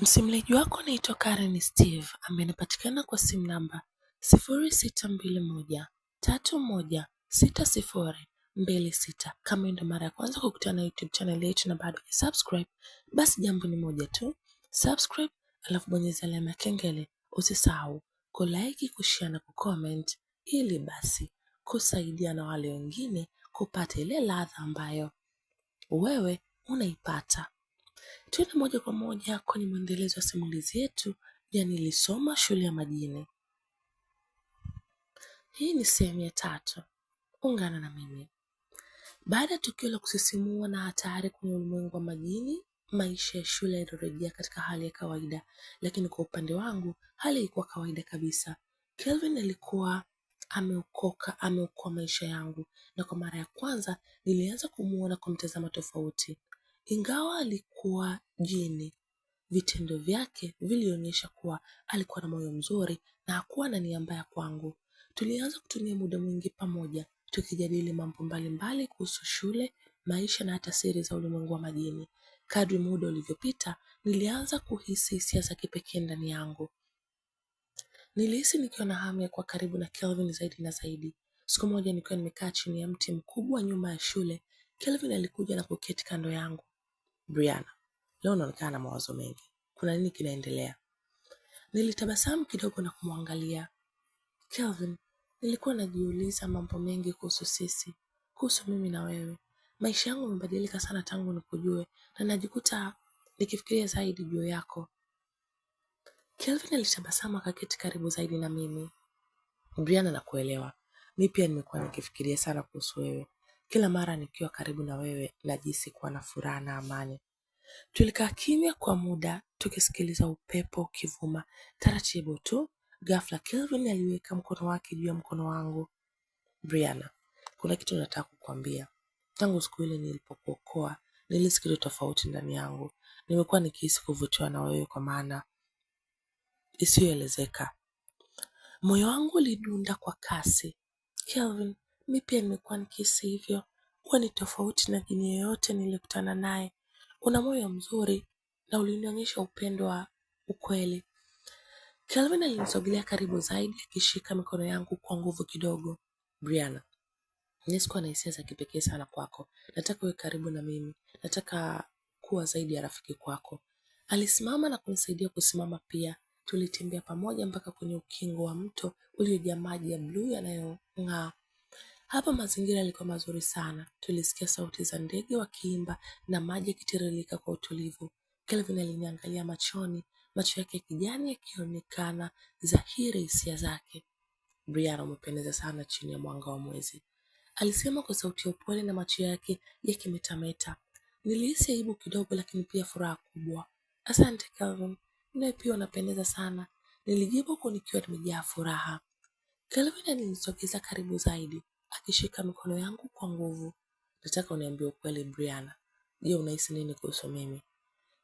Msimlaji wako naitwa Karen Steve ambaye anapatikana kwa simu namba sifuri sita mbili moja tatu moja sita sifuri mbili sita. Kama ndio mara ya kwanza kukutana na YouTube channel yetu na bado subscribe, basi jambo ni moja tu, subscribe alafu bonyeza alama ya kengele. Usisahau ku share na comment, ili basi kusaidia na wale wengine kupata ile ladha ambayo wewe unaipata. Tuende moja kwa moja kwenye mwendelezo wa simulizi yetu ya Nilisoma Shule ya Majini. Hii ni sehemu ya tatu. Ungana na mimi. Baada ya tukio la kusisimua na hatari kwenye ulimwengu wa majini, maisha ya shule yalirejea katika hali ya kawaida, lakini kwa upande wangu hali ilikuwa kawaida kabisa. Kelvin alikuwa ameokoka, ameokoa maisha yangu, na kwa mara ya kwanza nilianza kumuona kwa mtazamo tofauti. Ingawa alikuwa jini, vitendo vyake vilionyesha kuwa alikuwa na moyo mzuri na hakuwa na nia mbaya kwangu. Tulianza kutumia muda mwingi pamoja, tukijadili mambo mbalimbali kuhusu shule, maisha na hata siri za ulimwengu wa majini. Kadri muda ulivyopita, nilianza kuhisi hisia za kipekee ndani yangu. Nilihisi nikiwa na hamu ya kuwa karibu na Kelvin zaidi na zaidi. Siku moja nikiwa nimekaa chini ya mti mkubwa nyuma ya shule, Kelvin alikuja na kuketi kando yangu. Brianna, leo unaonekana na mawazo mengi, kuna nini kinaendelea? Nilitabasamu kidogo na kumwangalia Kelvin. Nilikuwa najiuliza mambo mengi kuhusu sisi, kuhusu mimi na wewe. Maisha yangu yamebadilika sana tangu nikujue, na najikuta nikifikiria zaidi juu yako. Kelvin alitabasamu akaketi karibu zaidi na mimi. Brianna, nakuelewa, mi pia nimekuwa nikifikiria sana kuhusu wewe. Kila mara nikiwa karibu na wewe najisi kuwa na furaha na amani. Tulikaa kimya kwa muda tukisikiliza upepo ukivuma taratibu tu. Ghafla Kelvin aliweka mkono wake juu ya mkono wangu. Brianna, kuna kitu nataka kukwambia. Tangu siku ile nilipokuokoa, nilihisi kitu tofauti ndani yangu. Nimekuwa nikihisi kuvutiwa na wewe kwa maana isiyoelezeka. Moyo wangu ulidunda kwa kasi. Kelvin, Mi pia nimekuwa nikihisi hivyo, huwa ni tofauti na dini yoyote niliyokutana naye. Una moyo mzuri na ulinionyesha upendo wa ukweli. Kelvin alinisogelea karibu zaidi akishika mikono yangu kwa nguvu kidogo. Brianna, mi na hisia za kipekee sana kwako. Nataka uwe karibu na mimi. Nataka kuwa zaidi ya rafiki kwako. Alisimama na kunisaidia kusimama pia. Tulitembea pamoja mpaka kwenye ukingo wa mto uliojaa maji ya bluu yanayong'aa. Hapa mazingira yalikuwa mazuri sana. Tulisikia sauti za ndege wakiimba na maji yakitiririka kwa utulivu. Kelvin aliniangalia machoni, macho yake ya kijani yakionekana dhahiri hisia zake. Briana umependeza sana chini ya mwanga wa mwezi, alisema kwa sauti ya upole na macho yake yakimetameta. Nilihisi aibu kidogo, lakini pia furaha kubwa. Asante Kelvin, naye pia unapendeza sana, nilijibu huku nikiwa nimejaa furaha. Kelvin alinisogeza karibu zaidi, akishika mikono yangu kwa nguvu. Nataka uniambie ukweli Briana, je, unahisi nini kuhusu mimi?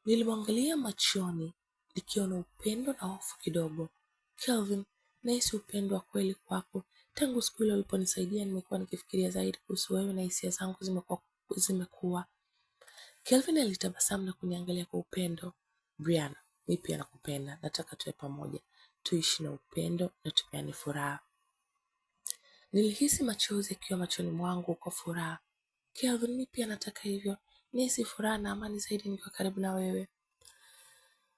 Nilimwangalia machoni nikiona upendo na hofu kidogo. Kelvin, nahisi upendo wa kweli kwako. Tangu siku ile uliponisaidia, nimekuwa nikifikiria zaidi kuhusu wewe na hisia zangu zimekuwa zimekuwa. Kelvin alitabasamu na kuniangalia kwa upendo. Briana, mi pia nakupenda, nataka tuwe pamoja, tuishi na upendo na tupeane furaha. Nilihisi machozi yakiwa machoni mwangu kwa furaha. Kelvin, mimi pia nataka hivyo, nihisi furaha na amani zaidi nikiwa karibu na wewe.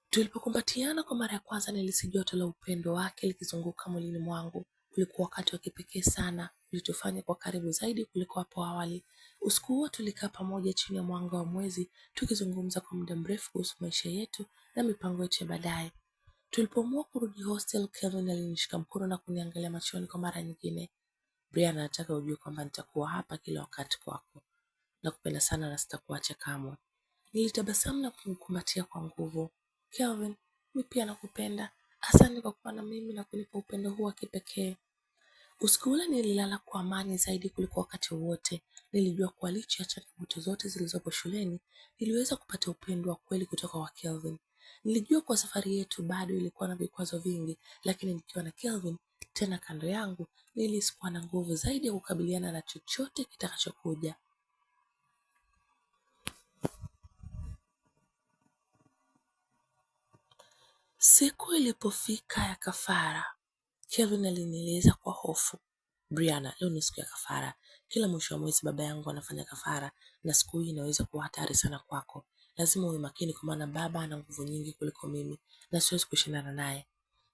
Tulipokumbatiana kwa mara ya kwanza, nilihisi joto la upendo wake likizunguka mwilini mwangu. Ulikuwa wakati wa kipekee sana, ulitufanya kwa karibu zaidi kuliko hapo awali. Usiku huo tulikaa pamoja chini ya mwanga wa mwezi, tukizungumza kwa muda mrefu kuhusu maisha yetu na mipango yetu ya baadaye. Tulipoamua kurudi hostel, Kelvin alinishika mkono na kuniangalia machoni kwa mara nyingine. Brian anataka ujue kwamba nitakuwa hapa kila wakati kwako. Nakupenda sana na sitakuacha kamwe. Nilitabasamu na kumkumbatia kwa nguvu. Kelvin, mi pia nakupenda. Asante kwa kuwa na mimi na kunipa upendo huu wa kipekee. Usiku ule nililala kwa amani zaidi kuliko wakati wowote. Nilijua kuwa licha ya changamoto zote zilizopo shuleni, niliweza kupata upendo wa kweli kutoka kwa Kelvin. Nilijua kuwa safari yetu bado ilikuwa na vikwazo vingi, lakini nikiwa na Kelvin tena kando yangu, ili sikuwa na nguvu zaidi ya kukabiliana na chochote kitakachokuja. Siku ilipofika ya kafara, Kelvin aliniliza kwa hofu, briana leo ni siku ya kafara. Kila mwisho wa mwezi baba yangu anafanya kafara, na siku hii inaweza kuwa hatari sana kwako. Lazima uwe makini, kwa maana baba ana nguvu nyingi kuliko mimi na siwezi kushindana naye.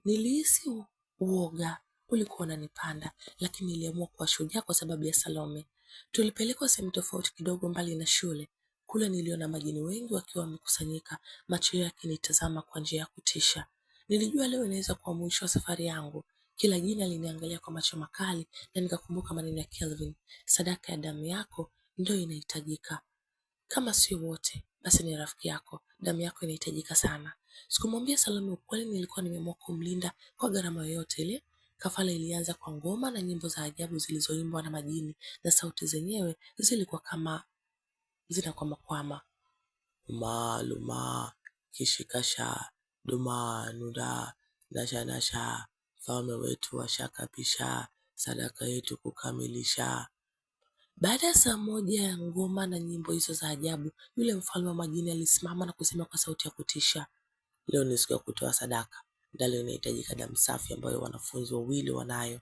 Nilihisi uoga ulikuwa unanipanda, lakini niliamua kuwa shujaa kwa sababu ya Salome. Tulipelekwa sehemu tofauti kidogo mbali na shule. Kule niliona majini wengi wakiwa wamekusanyika, macho yao yakinitazama kwa njia ya kutisha. Nilijua leo inaweza kuwa mwisho wa safari yangu. Kila jina liniangalia kwa macho makali, na nikakumbuka maneno ya Kelvin, sadaka ya damu yako ndio inahitajika, kama sio wote basi ni rafiki yako, damu yako inahitajika sana. Sikumwambia Salome ukweli, nilikuwa nimeamua kumlinda kwa gharama yoyote ile. Kafala ilianza kwa ngoma na nyimbo za ajabu zilizoimbwa na majini, na sauti zenyewe zilikuwa kama zinakwamakwama: maluma kishikasha, duma nuda, nasha nasha, mfalme wetu washakapisha sadaka yetu kukamilisha. Baada ya saa moja ya ngoma na nyimbo hizo za ajabu, yule mfalme wa majini alisimama na kusema kwa sauti ya kutisha, leo ni siku ya kutoa sadaka, ndalo inahitajika damu safi ambayo wanafunzi wawili wanayo.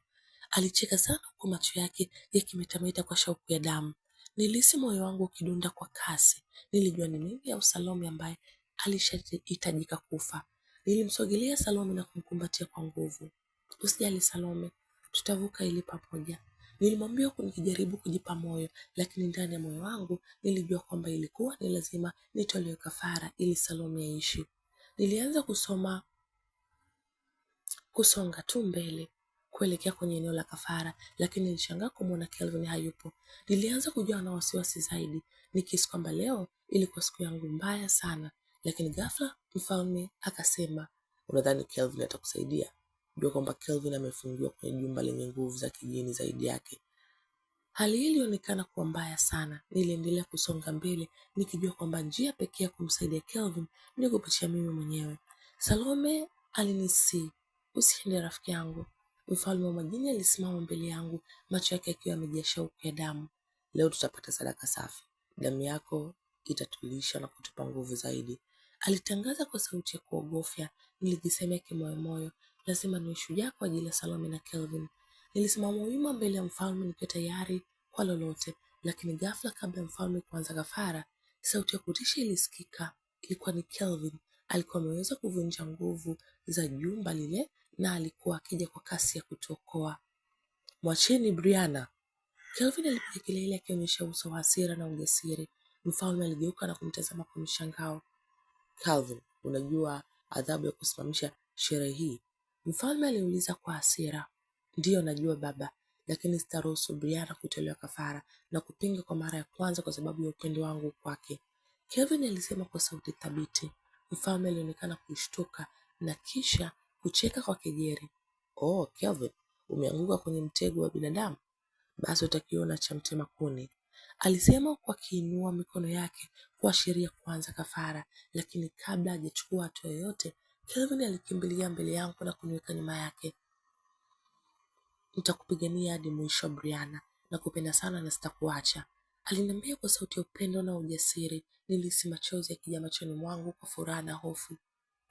Alicheka sana huku macho yake yakimetameta kwa shauku ya damu. Nilihisi moyo wangu ukidunda kwa kasi. Nilijua ni mimi au Salome ambaye alishahitajika kufa. Nilimsogelea Salome na kumkumbatia kwa nguvu. Usijali Salome, tutavuka ili pamoja. Nilimwambia huku nikijaribu kujipa moyo, lakini ndani ya moyo wangu nilijua kwamba ilikuwa ni lazima nitolewe kafara ili Salome aishi. Nilianza kusoma kusonga tu mbele kuelekea kwenye eneo la kafara, lakini nilishangaa kumwona Kelvin hayupo. Nilianza kujawa na wasiwasi zaidi, nikihisi kwamba leo ilikuwa siku yangu mbaya sana, lakini ghafla mfalme akasema, unadhani Kelvin atakusaidia? Jua kwamba Kelvin amefungiwa kwenye jumba lenye nguvu za kijini zaidi yake. Hali hii ilionekana kuwa mbaya sana. Niliendelea kusonga mbele nikijua kwamba njia pekee ya kumsaidia Kelvin ni kupitia mimi mwenyewe. Salome alinisi Usiende rafiki yangu. Mfalme wa majini alisimama mbele yangu, macho yake akiwa yamejaa shauku ya damu. Leo tutapata sadaka safi, damu yako itatulisha na kutupa nguvu zaidi, alitangaza kwa sauti ya kuogofya. Nilijisemea kimoyomoyo, lazima niwe shujaa kwa ajili ya Salome na Kelvin. Nilisimama wima mbele ya mfalme nikiwa tayari kwa lolote, lakini ghafla, kabla ya mfalme kuanza kafara, sauti ya kutisha ilisikika. Ilikuwa ni Kelvin. Alikuwa ameweza kuvunja nguvu za jumba lile na alikuwa akija kwa kasi ya kutokoa. Mwacheni Briana. Kelvin alipiga kelele akionyesha uso wa hasira na ujasiri. Mfalme aligeuka na kumtazama kwa mshangao. Calvin, unajua adhabu ya kusimamisha sherehe hii? Mfalme aliuliza kwa hasira. Ndiyo najua baba, lakini sitaruhusu Briana kutolewa kafara na kupinga kwa mara ya kwanza kwa sababu ya upendo wangu kwake, Kelvin alisema kwa sauti thabiti. Mfalme alionekana kushtuka na kisha kucheka kwa kejeri, oh, Kelvin umeanguka kwenye mtego wa binadamu, basi utakiona cha mtema kuni, alisema kwa kiinua mikono yake kuashiria kuanza kafara. Lakini kabla hajachukua hatua yoyote, Kelvin alikimbilia mbele yangu na kuniweka nyuma yake. Nitakupigania hadi mwisho Briana, nakupenda sana na sitakuacha, aliniambia kwa sauti ya upendo na ujasiri. Nilihisi machozi yakija machoni mwangu kwa furaha na hofu.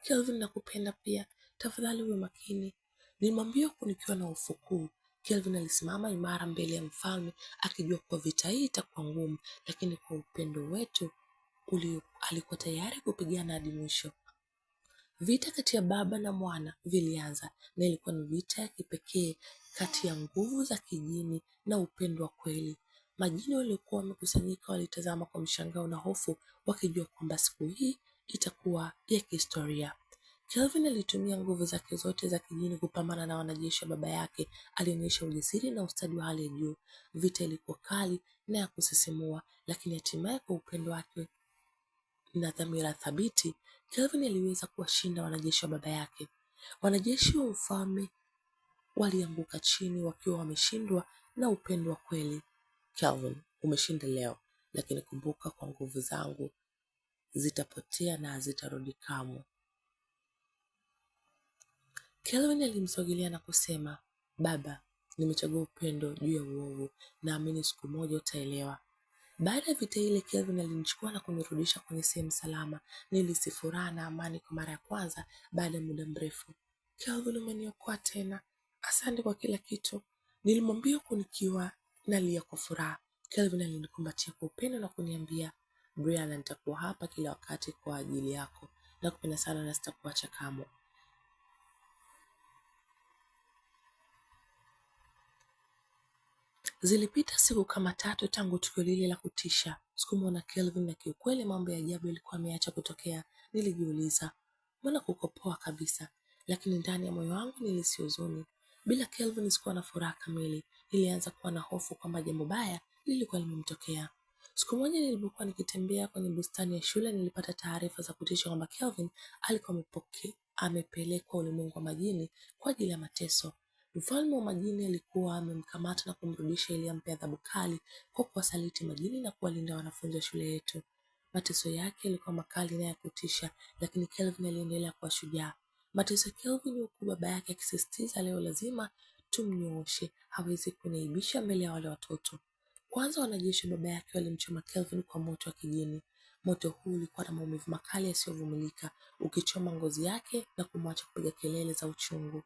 Kelvin, nakupenda pia, Tafadhali uwe makini. Nilimwambia huku nikiwa na hofu kuu. Kelvin alisimama imara mbele ya mfalme, akijua kuwa vita hii itakuwa ngumu, lakini kwa upendo wetu uli, alikuwa tayari kupigana hadi mwisho. Vita kati ya baba na mwana vilianza, na ilikuwa ni vita ya kipekee kati ya nguvu za kijini na upendo wa kweli. Majini waliokuwa wamekusanyika walitazama kwa mshangao na hofu, wakijua kwamba siku hii itakuwa ya kihistoria. Kelvin alitumia nguvu zake zote za kijini kupambana na wanajeshi wa baba yake. Alionyesha ujasiri na ustadi wa hali ya juu. Vita ilikuwa kali na ya kusisimua, lakini hatimaye kwa upendo wake na dhamira thabiti, Kelvin aliweza kuwashinda wanajeshi wa baba yake. Wanajeshi wa ufalme walianguka chini wakiwa wameshindwa na upendo wa kweli. Kelvin, umeshinda leo, lakini kumbuka, kwa nguvu zangu zitapotea na hazitarudi kamwe. Kelvin alimsogelea na kusema, baba, nimechagua upendo juu ya uovu, naamini siku moja utaelewa. Baada ya vita ile, Kelvin alinichukua na kunirudisha kwenye sehemu salama. Nilihisi furaha na amani kwa mara ya kwanza baada ya muda mrefu. Kelvin, umeniokoa tena, asante kwa kila kitu, nilimwambia huku nikiwa nalia kwa furaha. Kelvin alinikumbatia kwa upendo na kuniambia, Brian, nitakuwa hapa kila wakati kwa ajili yako, nakupenda sana na sitakuacha kamwe. Zilipita siku kama tatu tangu tukio lile la kutisha. Sikumwona Kelvin na kiukweli mambo ya ajabu yalikuwa yameacha kutokea. Nilijiuliza, mbona kuko poa kabisa? Lakini ndani ya moyo wangu nilihisi huzuni. Bila Kelvin sikuwa na furaha kamili. Nilianza kuwa na hofu kwamba jambo baya lilikuwa limemtokea. Siku moja nilipokuwa nikitembea kwenye bustani ya shule, nilipata taarifa za kutisha kwamba Kelvin alikuwa amepelekwa ulimwengu wa majini kwa ajili ya mateso. Mfalme wa majini alikuwa amemkamata na kumrudisha ili ampe adhabu kali kwa kuwasaliti majini na kuwalinda wanafunzi wa shule yetu. Mateso yake yalikuwa makali na ya kutisha, lakini Kelvin aliendelea kuwa shujaa. Mateso ya Kelvin, huku baba yake akisisitiza leo lazima tumnyooshe, hawezi kuniaibisha mbele ya wale watoto. Kwanza wanajeshi wa baba yake walimchoma Kelvin kwa moto wa kijini. Moto huu ulikuwa na maumivu makali yasiyovumilika, ukichoma ngozi yake na kumwacha kupiga kelele za uchungu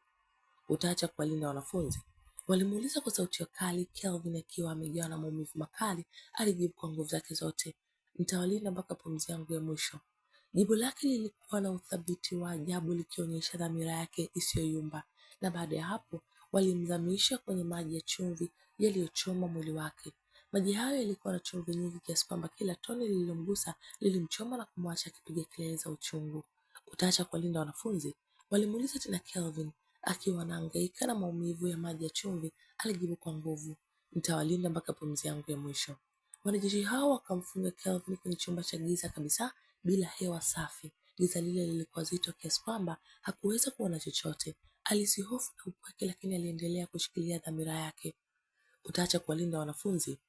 utaacha kuwalinda wanafunzi? Walimuuliza kwa sauti ya kali. Kelvin akiwa amejawa na maumivu makali alijibu kwa nguvu zake zote, nitawalinda mpaka pumzi yangu ya mwisho. Jibu lake lilikuwa na uthabiti wa ajabu, likionyesha dhamira yake isiyoyumba. Na baada ya hapo walimzamisha kwenye maji ya chumvi yaliyochoma mwili wake. Maji hayo yalikuwa na chumvi nyingi kiasi kwamba kila tone lililomgusa lilimchoma na kumwacha akipiga kelele za uchungu. Utaacha kuwalinda wanafunzi? Walimuuliza tena Kelvin akiwa anahangaika na maumivu ya maji ya chumvi, alijibu kwa nguvu, nitawalinda mpaka pumzi yangu ya mwisho. Wanajeshi hao wakamfunga Kelvin kwenye chumba cha giza kabisa bila hewa safi. Giza lile lilikuwa zito kiasi kwamba hakuweza kuona chochote. Alisihofu na upweke, lakini aliendelea kushikilia dhamira yake. Utaacha kuwalinda wanafunzi?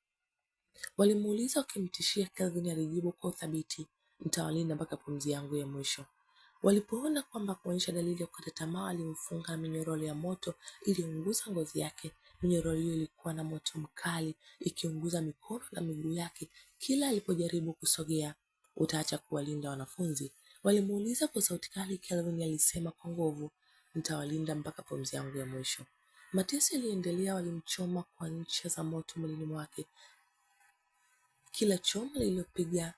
Walimuuliza wakimtishia. Kelvin alijibu kwa uthabiti, nitawalinda mpaka pumzi yangu ya mwisho. Walipoona kwamba kuonyesha dalili ya kukata tamaa, alimfunga minyororo ya moto iliyounguza ngozi yake. Minyororo hiyo ilikuwa na moto mkali, ikiunguza mikono na miguu yake kila alipojaribu kusogea. Utaacha kuwalinda wanafunzi? Walimuuliza kwa sauti kali. Kelvin alisema kwa nguvu, nitawalinda mpaka pumzi yangu ya mwisho. Mateso yaliendelea. Walimchoma kwa ncha za moto mwilini mwake. Kila choma lililopiga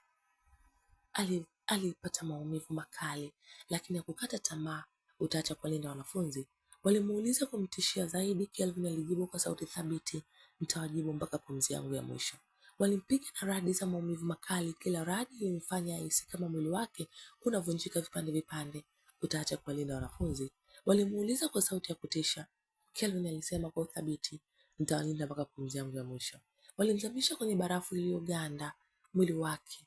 ali alipata maumivu makali, lakini hakukata tamaa. Utaacha kuwalinda wanafunzi? Walimuuliza kumtishia zaidi. Kelvin alijibu kwa sauti thabiti, mtawajibu mpaka pumzi yangu ya mwisho. Walimpiga na radi za maumivu makali. Kila radi ilimfanya ahisi kama mwili wake unavunjika vipande vipande. Utaacha kuwalinda wanafunzi? Walimuuliza kwa sauti ya kutisha. Kelvin alisema kwa uthabiti, nitawalinda mpaka pumzi yangu ya mwisho. Walimzamisha kwenye barafu iliyoganda mwili wake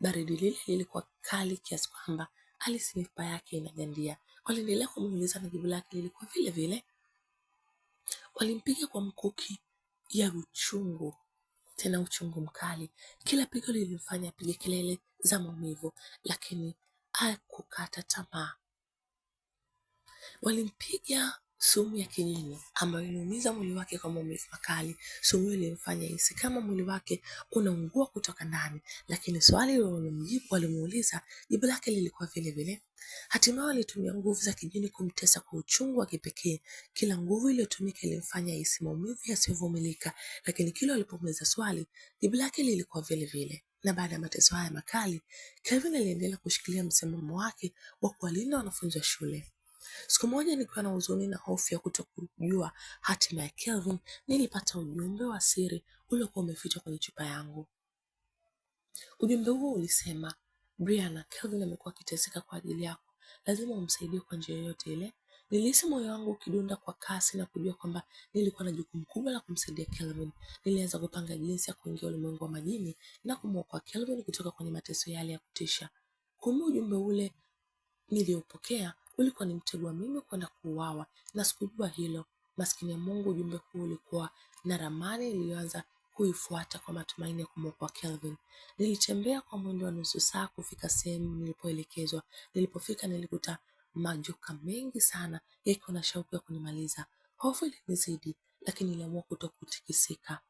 Baridi lile lilikuwa kali kiasi kwamba alisi mifupa yake inagandia. Waliendelea kumuuliza na jibu lake lilikuwa vile vile. Walimpiga kwa mkuki ya uchungu, tena uchungu mkali. Kila pigo lilimfanya apige kelele za maumivu, lakini akukata tamaa. Walimpiga sumu ya kijini ambayo inaumiza mwili wake kwa maumivu makali, sumu hiyo ilimfanya hisi kama mwili wake unaungua kutoka ndani. Lakini swali walilomjibu walimuuliza, jibu lake lilikuwa vile vile. Hatimaye walitumia nguvu za kijini kumtesa kwa uchungu wa kipekee. Kila nguvu iliyotumika ilimfanya hisi maumivu yasiyovumilika, lakini kila walipomuuliza swali, jibu lake lilikuwa vile vile na baada ya mateso haya makali, Kevin aliendelea kushikilia msimamo wake wa kuwalinda wanafunzi wa shule. Siku moja nikiwa na huzuni na hofu ya kutokujua hatima ya Kelvin, nilipata ujumbe wa siri uliokuwa umefichwa kwenye chupa yangu. Ujumbe huo ulisema, Brianna, Kelvin amekuwa akiteseka kwa ajili yako, lazima umsaidie kwa njia yoyote ile. Nilihisi moyo wangu ukidunda kwa kasi na kujua kwamba nilikuwa na jukumu kubwa la kumsaidia Kelvin. Nilianza kupanga jinsi ya kuingia ulimwengu wa majini na kumwokoa Kelvin kutoka kwenye mateso yale ya kutisha. Kumbe ujumbe ule niliopokea ulikuwa ni mtego wa mimi kwenda kuuawa, na sikujua hilo. Maskini ya Mungu, ujumbe huu ulikuwa na ramani iliyoanza kuifuata kwa matumaini ya kumwokoa Kelvin. Nilitembea kwa mwendo wa nusu saa kufika sehemu nilipoelekezwa. Nilipofika nilikuta majoka mengi sana yakiwa na shauku ya kunimaliza. Hofu ilinizidi, lakini niliamua kutokutikisika.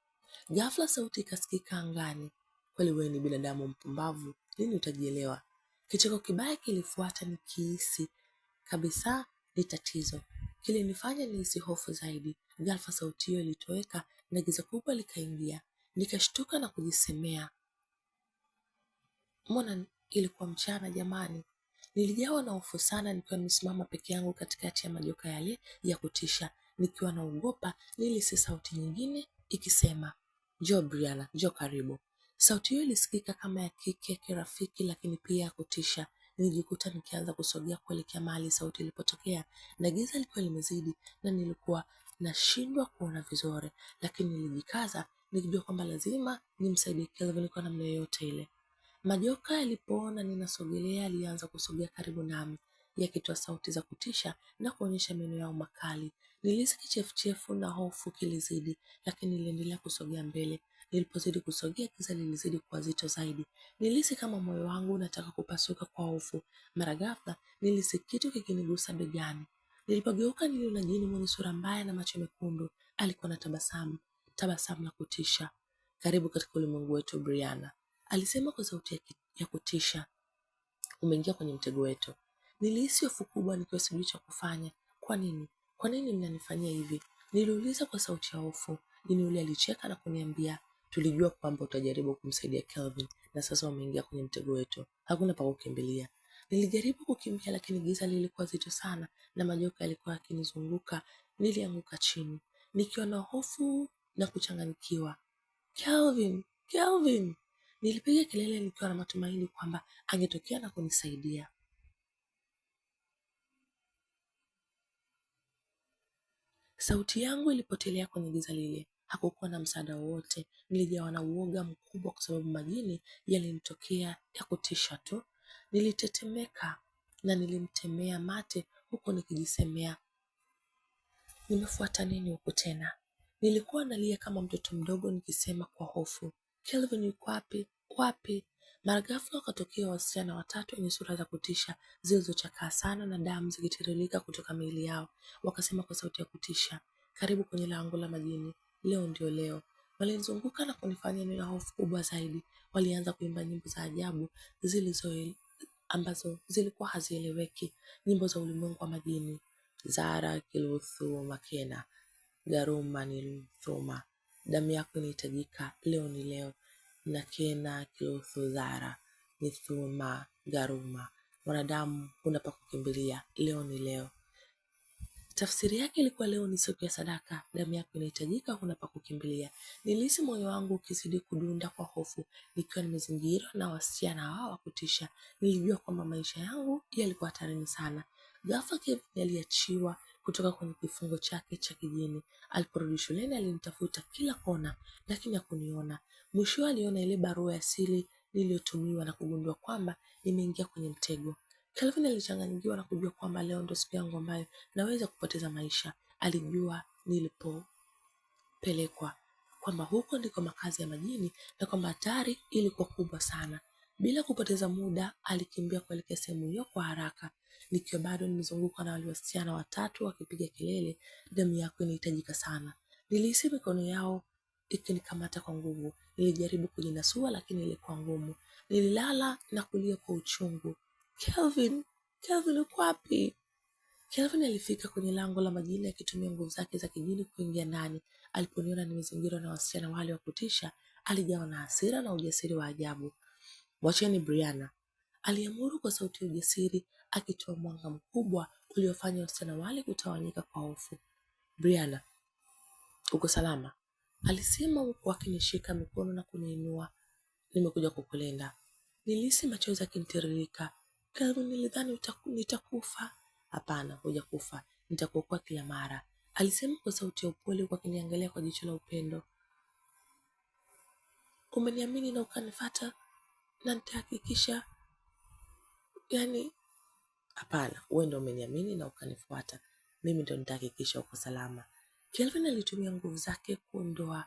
Ghafla sauti ikasikika angani, kweli wewe ni binadamu mpumbavu, lini utajielewa? Kicheko kibaya kilifuata, nikihisi kabisa ni tatizo. Kilinifanya nihisi hofu zaidi. Ghafla sauti hiyo ilitoweka na giza kubwa likaingia. Nikashtuka na kujisemea, mbona ilikuwa mchana jamani? Nilijawa na hofu sana, nikiwa nimesimama peke yangu katikati ya majoka yale ya kutisha, nikiwa naogopa. Nilihisi sauti nyingine ikisema, njoo Briana, njoo karibu. Sauti hiyo ilisikika kama ya kike, kirafiki, lakini pia ya kutisha nilijikuta nikianza kusogea kuelekea mahali sauti ilipotokea, na giza likiwa limezidi na nilikuwa nashindwa kuona vizuri, lakini nilijikaza nikijua kwamba lazima nimsaidie Kelvin kwa namna yoyote ile. Majoka yalipoona ninasogelea, alianza kusogea karibu nami yakitoa sauti za kutisha na kuonyesha meno yao makali. Nilihisi kichefuchefu na hofu kilizidi, lakini niliendelea kusogea mbele Nilipozidi kusogea giza lilizidi kuwa zito zaidi. Nilihisi kama moyo wangu unataka kupasuka kwa hofu. Mara ghafla nilihisi kitu kikinigusa begani. Nilipogeuka niliona jini mwenye sura mbaya na macho mekundu. Alikuwa na tabasamu, tabasamu la kutisha. Karibu katika ulimwengu wetu, Briana, alisema kwa sauti ya kutisha. Umeingia kwenye mtego wetu. Nilihisi hofu kubwa, nikiwa sijui cha kufanya. Kwa nini? Kwa nini mnanifanyia hivi? Niliuliza kwa sauti ya hofu. Jini yule alicheka na kuniambia, Tulijua kwamba utajaribu kumsaidia Kelvin na sasa umeingia kwenye mtego wetu. Hakuna pa kukimbilia. Nilijaribu kukimbia lakini giza lilikuwa zito sana na majoka yalikuwa yakinizunguka. Nilianguka chini nikiwa na hofu na kuchanganyikiwa. Kelvin, Kelvin! Nilipiga kelele nikiwa na matumaini kwamba angetokea na kunisaidia. Sauti yangu ilipotelea kwenye giza lile hakukuwa na msaada wowote. Nilijawa na uoga mkubwa, kwa sababu majini yalinitokea ya kutisha tu. Nilitetemeka na nilimtemea mate, huku nikijisemea, nimefuata nini huku tena? Nilikuwa nalia kama mtoto mdogo, nikisema kwa hofu, Kelvin yuko wapi? Wapi? Mara ghafla wakatokea wasichana watatu wenye sura za kutisha zilizochakaa sana na damu zikitiririka kutoka miili yao. Wakasema kwa sauti ya kutisha, karibu kwenye lango la majini leo ndio leo. Walinizunguka na kunifanya nina hofu kubwa zaidi. Walianza kuimba nyimbo za ajabu zilizo ambazo zilikuwa hazieleweki, nyimbo za ulimwengu wa majini. Zara kiluthu makena garuma nilthuma, damu yako inahitajika, leo ni leo. Na kena kiluthu zara nithuma garuma, mwanadamu unapakukimbilia, leo ni leo. Tafsiri yake ilikuwa leo ni siku ya sadaka, damu yako inahitajika, huna pa kukimbilia. Nilihisi moyo wangu ukizidi kudunda kwa hofu, nikiwa nimezingirwa na wasichana hawa wa kutisha. Nilijua kwamba maisha yangu yalikuwa hatarini sana. Ghafla Kevin aliachiwa kutoka kwenye kifungo chake cha kijini. Aliporudi shuleni, alinitafuta kila kona, lakini hakuniona. Mwishowe aliona ile barua ya siri niliyotumiwa na kugundua kwamba nimeingia kwenye mtego. Kelvin alichanganyikiwa na kujua kwamba leo ndo siku yangu ambayo naweza kupoteza maisha. Alijua nilipopelekwa kwamba huko ndiko makazi ya majini na kwamba hatari ilikuwa kubwa sana. Bila kupoteza muda, alikimbia kuelekea sehemu hiyo kwa haraka, nikiwa bado nimezungukwa na wale wasichana watatu wakipiga kelele, damu yako inahitajika sana. Nilihisi mikono yao ikinikamata kwa nguvu. Nilijaribu kujinasua, lakini ilikuwa ngumu. Nililala na kulia kwa uchungu, Kelvin, Kelvin uko wapi? Kelvin alifika kwenye lango la majini akitumia nguvu zake za kijini kuingia ndani. Aliponiona nimezingirwa na wasichana wale wa kutisha, alijawa na hasira na ujasiri wa ajabu. Mwacheni Brianna, aliamuru kwa sauti ya ujasiri, akitoa mwanga mkubwa uliofanya wasichana wale kutawanyika kwa hofu. Brianna, uko salama, alisema huku akinishika mikono na kuniinua. Nimekuja kukulinda, nilihisi machozi akinitiririka. Karu nilidhani nitakufa. Hapana, hujakufa, nitakuokoa kila mara, alisema kwa sauti ya upole, huku akiniangalia kwa jicho la upendo. Umeniamini na ukanifata, na nitahakikisha yani. Hapana, wewe ndo umeniamini na ukanifuata, mimi ndo nitahakikisha uko salama. Kelvin alitumia nguvu zake kuondoa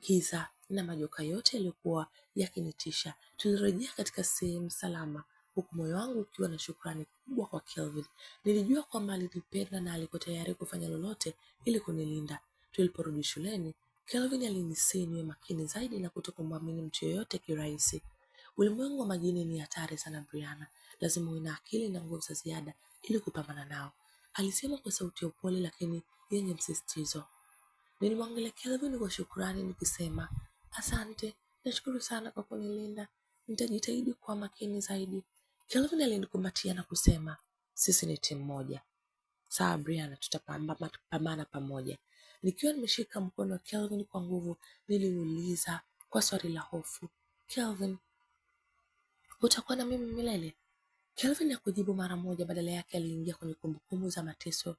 giza na majoka yote yaliyokuwa yakinitisha. Tulirejea katika sehemu salama huku moyo wangu ukiwa na shukrani kubwa kwa Kelvin. Nilijua kwamba alinipenda na alikuwa tayari kufanya lolote ili kunilinda. Tuliporudi shuleni, Kelvin alinisii niwe makini zaidi na kutokumwamini mtu yoyote kirahisi. Ulimwengu wa majini ni hatari sana, Brianna. Lazima uwe na akili na nguvu za ziada ili kupambana nao, alisema kwa sauti ya upole lakini yenye msisitizo. Nilimwangalia Kelvin kwa shukrani nikisema, asante, nashukuru sana kwa kunilinda. Nitajitahidi kuwa makini zaidi Kelvin alinikumbatia na kusema, sisi ni timu moja. Sawa Brian, tutapambana pamoja. Nikiwa nimeshika mkono wa Kelvin kwa nguvu, niliuliza kwa swali la hofu, Kelvin, utakuwa na mimi milele? Kelvin hakujibu mara moja, badala yake aliingia kwenye kumbukumbu za mateso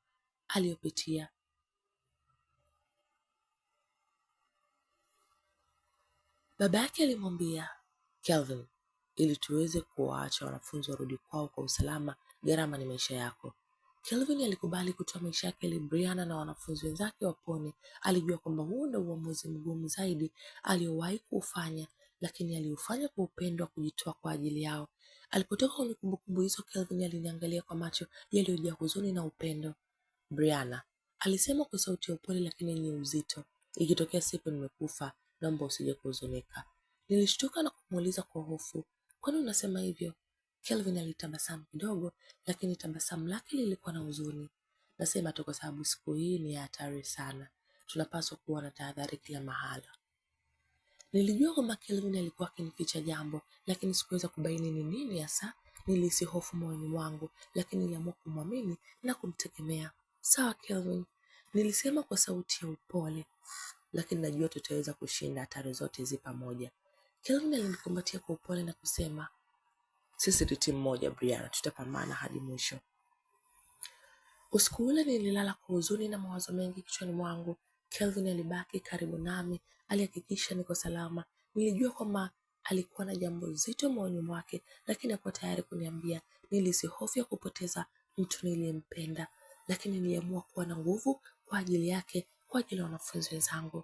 aliyopitia. Baba yake alimwambia Kelvin, ili tuweze kuwaacha wanafunzi warudi kwao kwa usalama. Gharama ni maisha yako. Kelvin alikubali kutoa maisha yake ili Brianna na wanafunzi wenzake wapone. Alijua kwamba huo ndio uamuzi mgumu zaidi aliowahi kuufanya, lakini aliufanya kwa upendo wa kujitoa kwa ajili yao. Alipotoka kwenye kumbukumbu hizo, Kelvin aliniangalia kwa macho yaliyojaa huzuni na upendo. Brianna, alisema kwa sauti ya upole lakini yenye uzito, ikitokea siku nimekufa, naomba usije kuhuzunika. Nilishtuka na kumuuliza kwa hofu, Kwani unasema hivyo? Kelvin alitabasamu kidogo, lakini tabasamu lake lilikuwa na huzuni. Nasema tu kwa sababu siku hii ni ya hatari sana, tunapaswa kuwa na tahadhari kila mahala. Nilijua kwamba Kelvin alikuwa akinificha jambo, lakini sikuweza kubaini ni nini hasa. Nilihisi hofu moyoni mwangu, lakini niliamua kumwamini na kumtegemea. Sawa Kelvin, nilisema kwa sauti ya upole, lakini najua tutaweza kushinda hatari zote hizi pamoja. Kelvin alinikumbatia kwa upole na kusema, sisi ni timu moja Briana, tutapambana hadi mwisho. Usiku ule nililala kwa huzuni na mawazo mengi kichwani mwangu. Kelvin alibaki karibu nami, alihakikisha niko salama. Nilijua kwamba alikuwa na jambo zito moyoni mwake, lakini hakuwa tayari kuniambia. Nilisihofia kupoteza mtu niliyempenda, lakini niliamua kuwa na nguvu kwa ajili yake, kwa ajili ya wanafunzi wenzangu.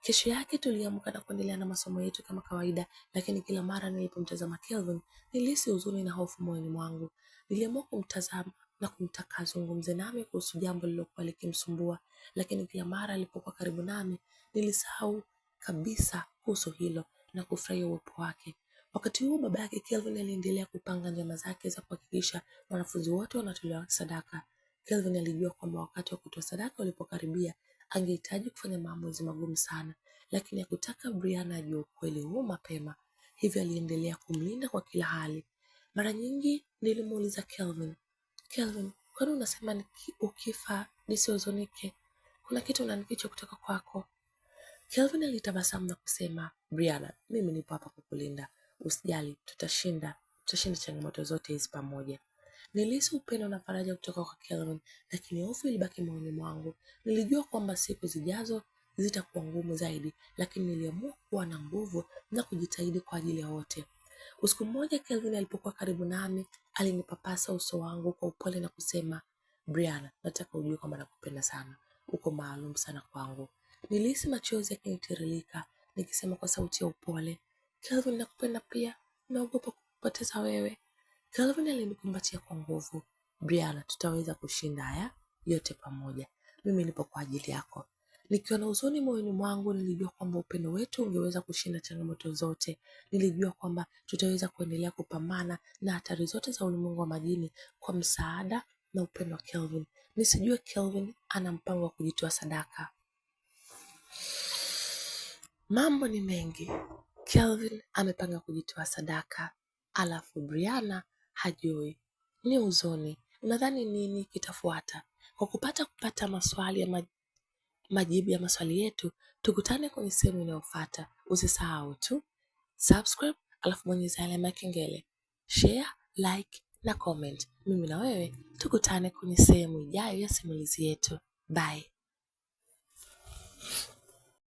Kesho yake tuliamka na kuendelea na masomo yetu kama kawaida, lakini kila mara nilipomtazama Kelvin nilihisi huzuni na hofu moyoni mwangu. Niliamua kumtazama na kumtaka azungumze nami kuhusu jambo lilokuwa likimsumbua, lakini kila mara alipokuwa karibu nami nilisahau kabisa kuhusu hilo na kufurahia uwepo wake. Wakati huo baba yake Kelvin aliendelea kupanga njama zake za kuhakikisha wanafunzi wote wanatolewa sadaka. Kelvin alijua kwamba wakati wa kutoa sadaka ulipokaribia, angehitaji kufanya maamuzi magumu sana, lakini hakutaka Briana ajue ukweli huu mapema, hivyo aliendelea kumlinda kwa kila hali. Mara nyingi nilimuuliza Kelvin, Kelvin, kwani unasema ukifa nisiozonike? Kuna kitu unanificha kutoka kwako? Kelvin alitabasamu na kusema, Briana, mimi nipo hapa kukulinda, usijali, tutashinda tutashinda changamoto zote hizi pamoja. Nilihisi upendo na faraja kutoka kwa Kelvin, lakini hofu ilibaki moyoni mwangu. Nilijua kwamba siku zijazo zitakuwa ngumu zaidi, lakini niliamua kuwa na nguvu na kujitahidi kwa ajili ya wote. Usiku mmoja, Kelvin alipokuwa karibu nami, alinipapasa uso wangu kwa upole na kusema, Briana, nataka ujue kwamba nakupenda sana, uko maalum sana kwangu. Nilihisi machozi yakinitiririka, nikisema kwa sauti ya upole, Kelvin, nakupenda pia, naogopa kukupoteza wewe. Kelvin alinikumbatia kwa nguvu. Briana, tutaweza kushinda haya yote pamoja. Mimi nipo kwa ajili yako. Nikiwa na huzuni moyoni mwangu, nilijua kwamba upendo wetu ungeweza kushinda changamoto zote. Nilijua kwamba tutaweza kuendelea kupambana na hatari zote za ulimwengu wa majini kwa msaada na upendo wa Kelvin. Nisijue Kelvin ana mpango wa kujitoa sadaka. Mambo ni mengi. Kelvin amepanga kujitoa sadaka, alafu Brianna hajui ni uzoni Unadhani nini kitafuata? Kwa kupata kupata maswali ya maj... majibu ya maswali yetu, tukutane kwenye sehemu inayofuata. Usisahau tu subscribe, alafu bonyeza alama ya kengele, share, like na comment. Mimi na wewe tukutane kwenye sehemu ijayo ya simulizi yetu. Bye.